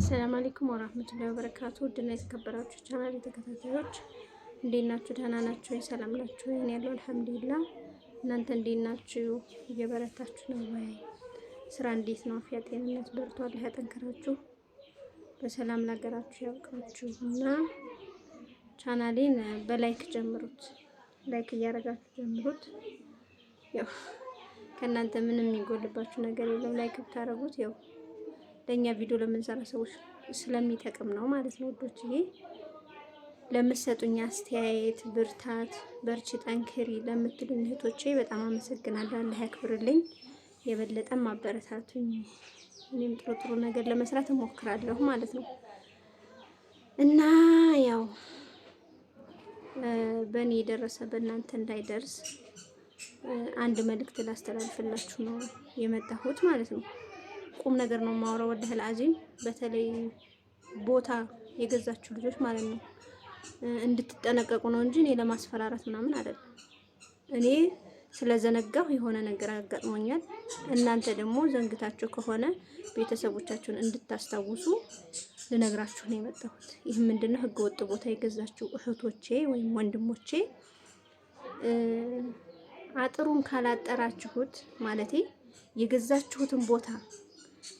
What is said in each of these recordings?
አሰላም አለይኩም ወራህመቱላሂ ወበረካቱ ውድና የተከበራችሁ ቻናል ተከታታዮች እንዴት ናችሁ? ደህና ናችሁ? ሰላም ናችሁ? እኔ ያለው አልሐምዱሊላህ። እናንተ እንዴት ናችሁ? እየበረታችሁ ነው ወይ? ስራ እንዴት ነው? አፍያ ጤንነት በርቷል። ያጠንክራችሁ፣ በሰላም ለሀገራችሁ ያብቃችሁ እና ቻናሌን በላይክ ጀምሩት፣ ላይክ እያደረጋችሁ ጀምሩት። ያው ከእናንተ ምንም የሚጎልባችሁ ነገር የለም። ላይክ ብታደርጉት ያው ለእኛ ቪዲዮ ለምንሰራ ሰዎች ስለሚጠቅም ነው ማለት ነው ውዶች። ይሄ ለምትሰጡኝ አስተያየት፣ ብርታት፣ በርቺ፣ ጠንክሪ ለምትሉኝ እህቶቼ በጣም አመሰግናለሁ። አላህ ያክብርልኝ። የበለጠም አበረታቱኝ። እኔም ጥሩ ጥሩ ነገር ለመስራት እሞክራለሁ ማለት ነው እና ያው በእኔ የደረሰ በእናንተ እንዳይደርስ አንድ መልእክት ላስተላልፍላችሁ ነው የመጣሁት ማለት ነው። ቁም ነገር ነው የማወራው። ወደ አልዓዚም በተለይ ቦታ የገዛችሁ ልጆች ማለት ነው እንድትጠነቀቁ ነው እንጂ እኔ ለማስፈራራት ምናምን አይደለም። እኔ ስለዘነጋሁ የሆነ ነገር አጋጥሞኛል። እናንተ ደግሞ ዘንግታችሁ ከሆነ ቤተሰቦቻችሁን እንድታስታውሱ ልነግራችሁ ነው የመጣሁት። ይህ ምንድነው ህገወጥ ቦታ የገዛችሁ እህቶቼ ወይም ወንድሞቼ አጥሩን ካላጠራችሁት ማለቴ የገዛችሁትን ቦታ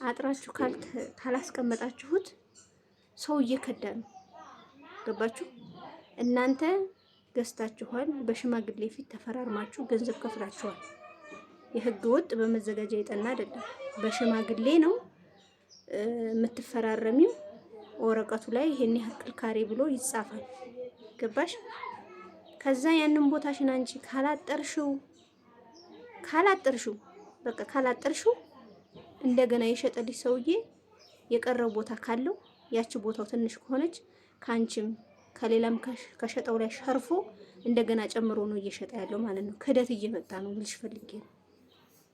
አጥራችሁ ካላስቀመጣችሁት ሰው እየከዳ ነው። ገባችሁ? እናንተ ገዝታችኋል፣ በሽማግሌ ፊት ተፈራርማችሁ ገንዘብ ከፍላችኋል። የህገ ወጥ በመዘጋጃ የጠና አይደለም። በሽማግሌ ነው የምትፈራረሚው። ወረቀቱ ላይ ይሄን ያክል ካሬ ብሎ ይጻፋል። ገባሽ? ከዛ ያንን ቦታሽን አንቺ ካላጠርሽው ካላጠርሽው በቃ ካላጠርሽው እንደገና የሸጠልሽ ሰውዬ የቀረው ቦታ ካለው ያቺ ቦታው ትንሽ ከሆነች ከአንቺም ከሌላም ከሸጠው ላይ ሸርፎ እንደገና ጨምሮ ነው እየሸጠ ያለው ማለት ነው። ክደት እየመጣ ነው ልልሽ ፈልጌ ነው።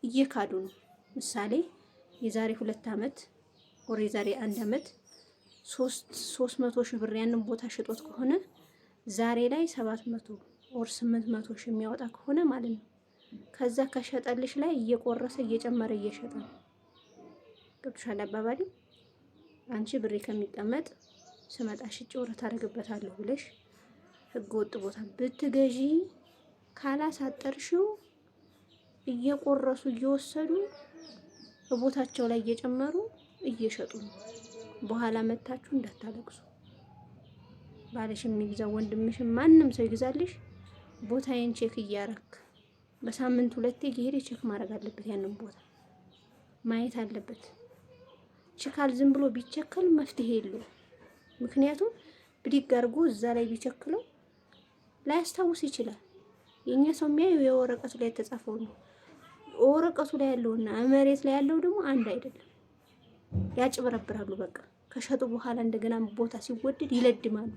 እየካዱ ነው። ምሳሌ የዛሬ ሁለት ዓመት ወር የዛሬ አንድ ዓመት ሶስት ሶስት መቶ ሺህ ብር ያንን ቦታ ሽጦት ከሆነ ዛሬ ላይ ሰባት መቶ ወር ስምንት መቶ ሺህ የሚያወጣ ከሆነ ማለት ነው ከዛ ከሸጠልሽ ላይ እየቆረሰ እየጨመረ እየሸጠ ነው። ገብቶሻል አባባሌ? አንቺ ብሬ ከሚቀመጥ ስመጣ ሽጭ ወረት አደርግበታለሁ ብለሽ ህገ ወጥ ቦታ ብትገዢ ካላሳጠርሽው እየቆረሱ እየወሰዱ ቦታቸው ላይ እየጨመሩ እየሸጡ ነው። በኋላ መታችሁ እንዳታለቅሱ። ባለሽ የሚግዛው ወንድምሽ፣ ማንም ሰው ይግዛልሽ። ቦታዬን ቼክ እያረክ በሳምንት ሁለቴ እየሄደ ቼክ ማድረግ አለበት። ያንን ቦታ ማየት አለበት። ችካል ዝም ብሎ ቢቸከል መፍትሄ የለው። ምክንያቱም ብድግ አድርጎ እዛ ላይ ቢቸክለው ላያስታውስ ይችላል። የእኛ ሰው የሚያየው የወረቀቱ ላይ የተጻፈው ነው። ወረቀቱ ላይ ያለውና መሬት ላይ ያለው ደግሞ አንድ አይደለም። ያጭበረብራሉ። በቃ ከሸጡ በኋላ እንደገና ቦታ ሲወደድ ይለድማሉ።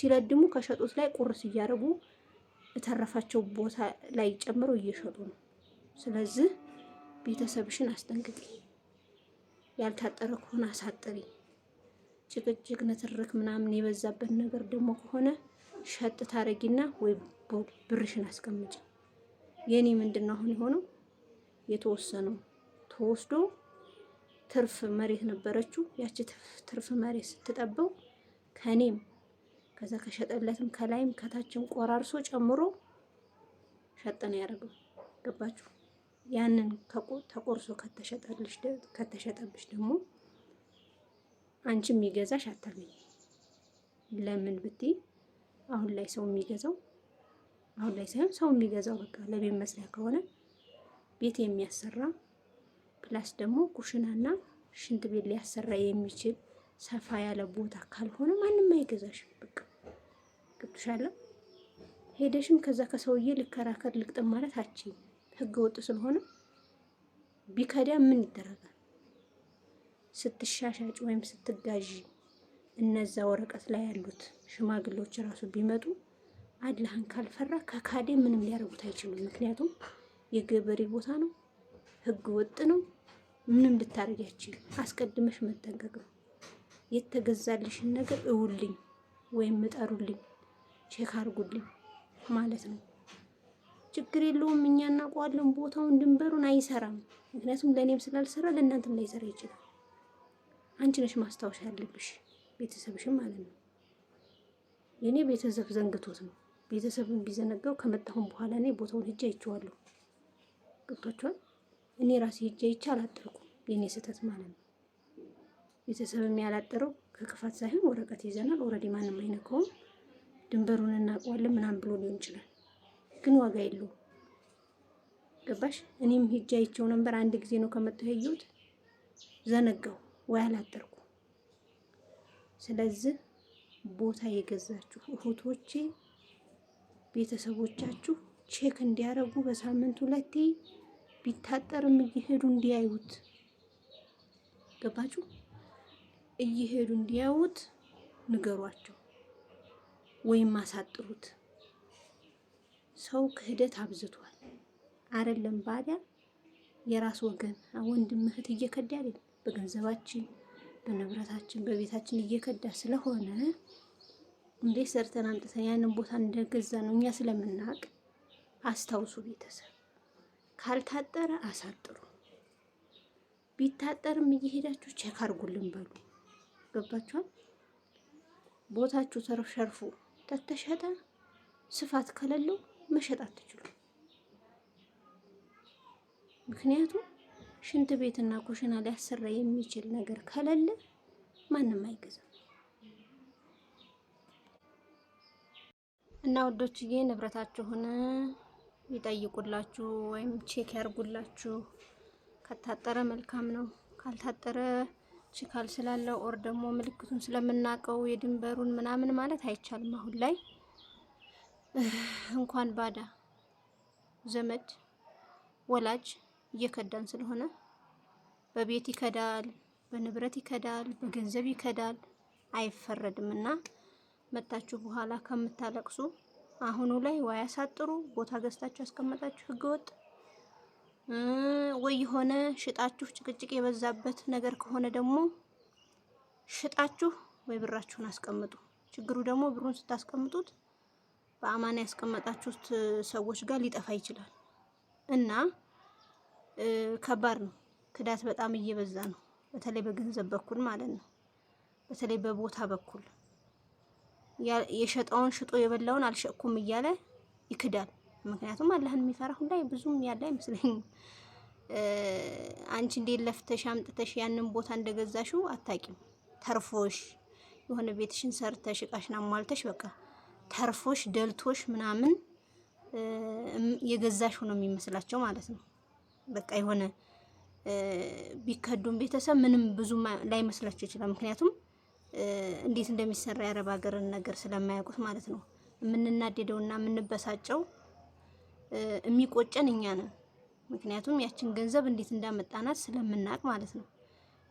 ሲለድሙ ከሸጡት ላይ ቁርስ እያደረጉ የተረፋቸው ቦታ ላይ ጨምረው እየሸጡ ነው። ስለዚህ ቤተሰብሽን አስጠንቅቂ። ያልታጠረ ከሆነ አሳጥሪ። ጭቅጭቅ፣ ንትርክ ምናምን የበዛበት ነገር ደግሞ ከሆነ ሸጥ ታረጊና ወይ ብርሽን አስቀምጭ። የኔ ምንድን ነው አሁን የሆነው የተወሰነው ተወስዶ ትርፍ መሬት ነበረችው። ያቺ ትርፍ መሬት ስትጠበው ከኔም ከዛ ከሸጠለትም ከላይም ከታችም ቆራርሶ ጨምሮ ሸጠ ነው ያደረገው። ገባችሁ? ያንን ተቆርሶ ከተሸጠብሽ ደግሞ አንቺ የሚገዛሽ አታገኝ። ለምን ብቲ አሁን ላይ ሰው የሚገዛው አሁን ላይ ሳይሆን ሰው የሚገዛው በቃ ለቤት መስሪያ ከሆነ ቤት የሚያሰራ ፕላስ ደግሞ ኩሽናና ሽንት ቤት ሊያሰራ የሚችል ሰፋ ያለ ቦታ ካልሆነ ማንም አይገዛሽም። በቃ ገብቶሻል። ሄደሽም ከዛ ከሰውዬ ልከራከር ልቅጥም ማለት አችኝ ህገ ወጥ ስለሆነ ቢከዳ ምን ይደረጋል? ስትሻሻጭ ወይም ስትጋዥ እነዛ ወረቀት ላይ ያሉት ሽማግሌዎች ራሱ ቢመጡ አላህን ካልፈራ ከካዴ ምንም ሊያደርጉት አይችሉም። ምክንያቱም የገበሬ ቦታ ነው፣ ህገ ወጥ ነው። ምንም ልታደርጊያችል አስቀድመሽ መጠንቀቅ ነው። የተገዛልሽን ነገር እውልኝ ወይም እጠሩልኝ፣ ቼክ አድርጉልኝ ማለት ነው። ችግር የለውም እኛ እናውቀዋለን ቦታውን ድንበሩን አይሰራም። ምክንያቱም ለእኔም ስላልሰራ ለእናንተም ላይሰራ ይችላል። አንቺ ነሽ ማስታወሻ ያለብሽ ቤተሰብሽም ማለት ነው። የእኔ ቤተሰብ ዘንግቶት ነው። ቤተሰብን ቢዘነጋው ከመጣሁን በኋላ እኔ ቦታውን ሂጅ አይቼዋለሁ። ገብቷቸዋል። እኔ ራሴ ሂጅ አይቼ አላጠርኩም። የእኔ ስህተት ማለት ነው። ቤተሰብም ያላጠረው ከክፋት ሳይሆን ወረቀት ይዘናል፣ ኦልሬዲ ማንም አይነካውም፣ ድንበሩን እናውቀዋለን ምናምን ብሎ ሊሆን ይችላል። ግን ዋጋ የለውም። ገባሽ? እኔም ሂጅ አይቼው ነበር። አንድ ጊዜ ነው ከመጣሁ ያየሁት፣ ዘነጋው ወይ አላጠርኩ። ስለዚህ ቦታ የገዛችሁ እህቶቼ ቤተሰቦቻችሁ ቼክ እንዲያደርጉ በሳምንት ሁለቴ ቢታጠርም እየሄዱ እንዲያዩት ገባችሁ? እየሄዱ እንዲያዩት ንገሯቸው ወይም አሳጥሩት። ሰው ክህደት አብዝቷል። አይደለም ባሪያ የራስ ወገን ወንድም እህት እየከዳ አይደል በገንዘባችን በንብረታችን በቤታችን እየከዳ ስለሆነ እንዴት ሰርተን አምጥተን ያንን ቦታ እንደገዛ ነው እኛ ስለምናውቅ አስታውሱ። ቤተሰብ ካልታጠረ አሳጥሩ። ቢታጠርም እየሄዳችሁ ቼክ አርጉልን በሉ። ገባችኋል? ቦታችሁ ተሸርፎ ተተሸጠ ስፋት ከሌለው መሸጥ አትችሉም። ምክንያቱም ሽንት ቤትና ኩሽና ሊያሰራ የሚችል ነገር ከሌለ ማንም አይገዛም። እና ውዶችዬ ንብረታችሁን ይጠይቁላችሁ ወይም ቼክ ያርጉላችሁ። ከታጠረ መልካም ነው፣ ካልታጠረ ችካል ስላለው ኦር ደግሞ ምልክቱን ስለምናውቀው የድንበሩን ምናምን ማለት አይቻልም አሁን ላይ እንኳን ባዳ ዘመድ ወላጅ እየከዳን ስለሆነ በቤት ይከዳል፣ በንብረት ይከዳል፣ በገንዘብ ይከዳል፣ አይፈረድም እና መጣችሁ በኋላ ከምታለቅሱ አሁኑ ላይ ወይ አሳጥሩ ቦታ ገዝታችሁ ያስቀመጣችሁ ህገወጥ ወይ የሆነ ሽጣችሁ ጭቅጭቅ የበዛበት ነገር ከሆነ ደግሞ ሽጣችሁ ወይ ብራችሁን አስቀምጡ። ችግሩ ደግሞ ብሩን ስታስቀምጡት በአማና ያስቀመጣችሁት ሰዎች ጋር ሊጠፋ ይችላል እና ከባድ ነው። ክዳት በጣም እየበዛ ነው። በተለይ በገንዘብ በኩል ማለት ነው። በተለይ በቦታ በኩል የሸጠውን ሽጦ የበላውን አልሸጥኩም እያለ ይክዳል። ምክንያቱም አላህን የሚፈራ ሁላ ብዙም ያለ አይመስለኝም። አንቺ እንዴት ለፍተሽ አምጥተሽ ያንን ቦታ እንደገዛሽው አታቂም። ተርፎሽ የሆነ ቤትሽን ሰርተሽ እቃሽን አሟልተሽ በቃ ተርፎሽ ደልቶሽ ምናምን የገዛሽ ሆኖ የሚመስላቸው ማለት ነው። በቃ የሆነ ቢከዱም ቤተሰብ ምንም ብዙ ላይመስላቸው ይችላል። ምክንያቱም እንዴት እንደሚሰራ የአረብ ሀገርን ነገር ስለማያውቁት ማለት ነው። የምንናደደውና የምንበሳጨው የሚቆጨን እኛ ነን። ምክንያቱም ያችን ገንዘብ እንዴት እንዳመጣናት ስለምናውቅ ማለት ነው።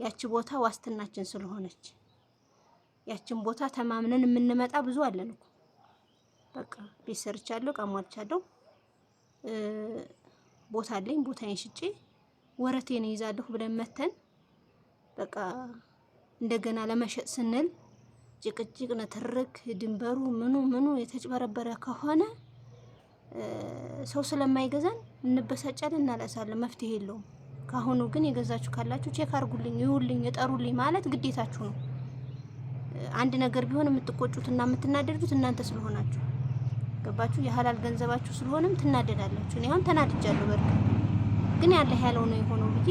ያቺ ቦታ ዋስትናችን ስለሆነች ያችን ቦታ ተማምነን የምንመጣ ብዙ አለን እኮ በቃ ቤት ሰርቻለሁ፣ ቀሟልቻለሁ። ቦታ አለኝ፣ ቦታዬን ሽጬ ወረቴን ይዛለሁ ብለን መተን በቃ እንደገና ለመሸጥ ስንል ጭቅጭቅ፣ ንትርክ፣ ድንበሩ ምኑ ምኑ የተጭበረበረ ከሆነ ሰው ስለማይገዛን እንበሳጫለን፣ እናለሳለን። መፍትሄ የለውም። ካሁኑ ግን የገዛችሁ ካላችሁ ቼክ አርጉልኝ፣ ይውልኝ፣ እጠሩልኝ ማለት ግዴታችሁ ነው። አንድ ነገር ቢሆን የምትቆጩትና የምትናደዱት እናንተ ስለሆናችሁ ገባችሁ? የሀላል ገንዘባችሁ ስለሆነም ትናደዳላችሁ። እኔ አሁን ተናድጃለሁ። በርግ ግን ያለ ያለው ነው የሆነው ብዬ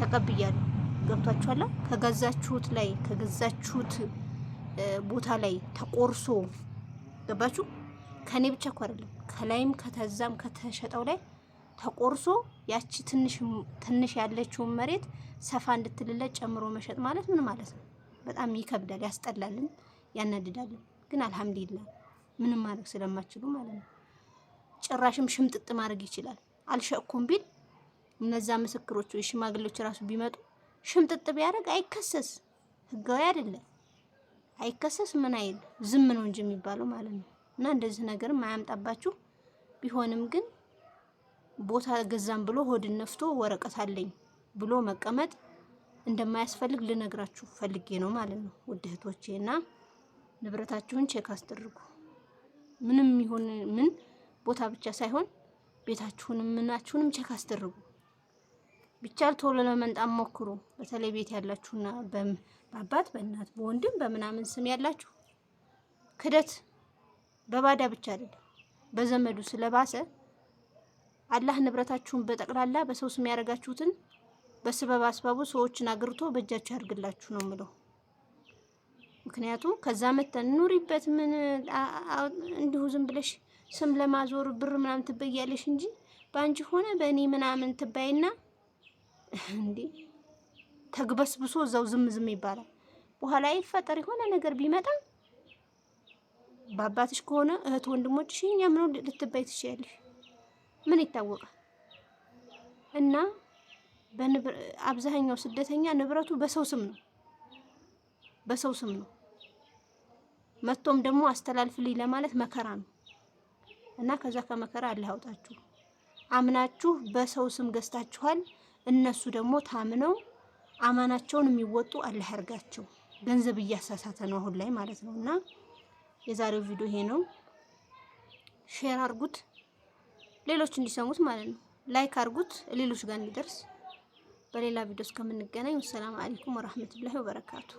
ተቀብያለሁ። ገብቷችኋል? ከገዛችሁት ላይ ከገዛችሁት ቦታ ላይ ተቆርሶ ገባችሁ? ከኔ ብቻ እኮ አይደለም ከላይም ከተዛም ከተሸጠው ላይ ተቆርሶ ያቺ ትንሽ ትንሽ ያለችውን መሬት ሰፋ እንድትልለት ጨምሮ መሸጥ ማለት ምን ማለት ነው? በጣም ይከብዳል፣ ያስጠላልን፣ ያናድዳልን። ግን አልሐምዱሊላህ ምንም ማድረግ ስለማችሉ ማለት ነው። ጭራሽም ሽምጥጥ ማድረግ ይችላል። አልሸኩም ቢል እነዛ ምስክሮች ወይ ሽማግሌዎች ራሱ ቢመጡ ሽምጥጥ ቢያደርግ አይከሰስ፣ ህጋዊ አይደለም፣ አይከሰስ፣ ምን አይል፣ ዝም ነው እንጂ የሚባለው ማለት ነው። እና እንደዚህ ነገርም አያምጣባችሁ። ቢሆንም ግን ቦታ ገዛም ብሎ ሆድን ነፍቶ ወረቀት አለኝ ብሎ መቀመጥ እንደማያስፈልግ ልነግራችሁ ፈልጌ ነው ማለት ነው። ውድ እህቶቼ እና ንብረታችሁን ቼክ አስደርጉ። ምንም ይሁን ምን ቦታ ብቻ ሳይሆን ቤታችሁንም ምናችሁንም ቼክ አስደርጉ። ብቻ ቶሎ ለመንጣም ሞክሩ። በተለይ ቤት ያላችሁና በአባት በእናት በወንድም በምናምን ስም ያላችሁ ክደት በባዳ ብቻ አይደለም በዘመዱ ስለባሰ አላህ ንብረታችሁን በጠቅላላ በሰው ስም ያደረጋችሁትን በስበብ አስባቡ ሰዎችን አግርቶ በእጃችሁ ያድርግላችሁ ነው ምለው። ምክንያቱም ከዛ መተን ኑሪበት ምን እንዲሁ ዝም ብለሽ ስም ለማዞር ብር ምናምን ትበያለሽ እንጂ በአንቺ ሆነ በእኔ ምናምን ትባይና እንዴ ተግበስብሶ እዛው ዝም ዝም ይባላል። በኋላ ይፈጠር የሆነ ነገር ቢመጣ በአባትሽ ከሆነ እህት ወንድሞችሽ እኛ ምን ልትባይ ትችያለሽ? ምን ይታወቃል? እና አብዛኛው ስደተኛ ንብረቱ በሰው ስም ነው፣ በሰው ስም ነው። መቶም ደግሞ አስተላልፍልኝ ለማለት መከራ ነው እና ከዛ ከመከራ አላህ ያውጣችሁ። አምናችሁ በሰው ስም ገዝታችኋል። እነሱ ደግሞ ታምነው አማናቸውን የሚወጡ አላህ ያርጋቸው። ገንዘብ እያሳሳተ ነው አሁን ላይ ማለት ነው። እና የዛሬው ቪዲዮ ይሄ ነው። ሼር አርጉት፣ ሌሎች እንዲሰሙት ማለት ነው። ላይክ አርጉት፣ ሌሎች ጋር እንዲደርስ። በሌላ ቪዲዮ እስከምንገናኝ፣ ሰላም አለይኩም ወራህመቱላሂ ወበረካቱ።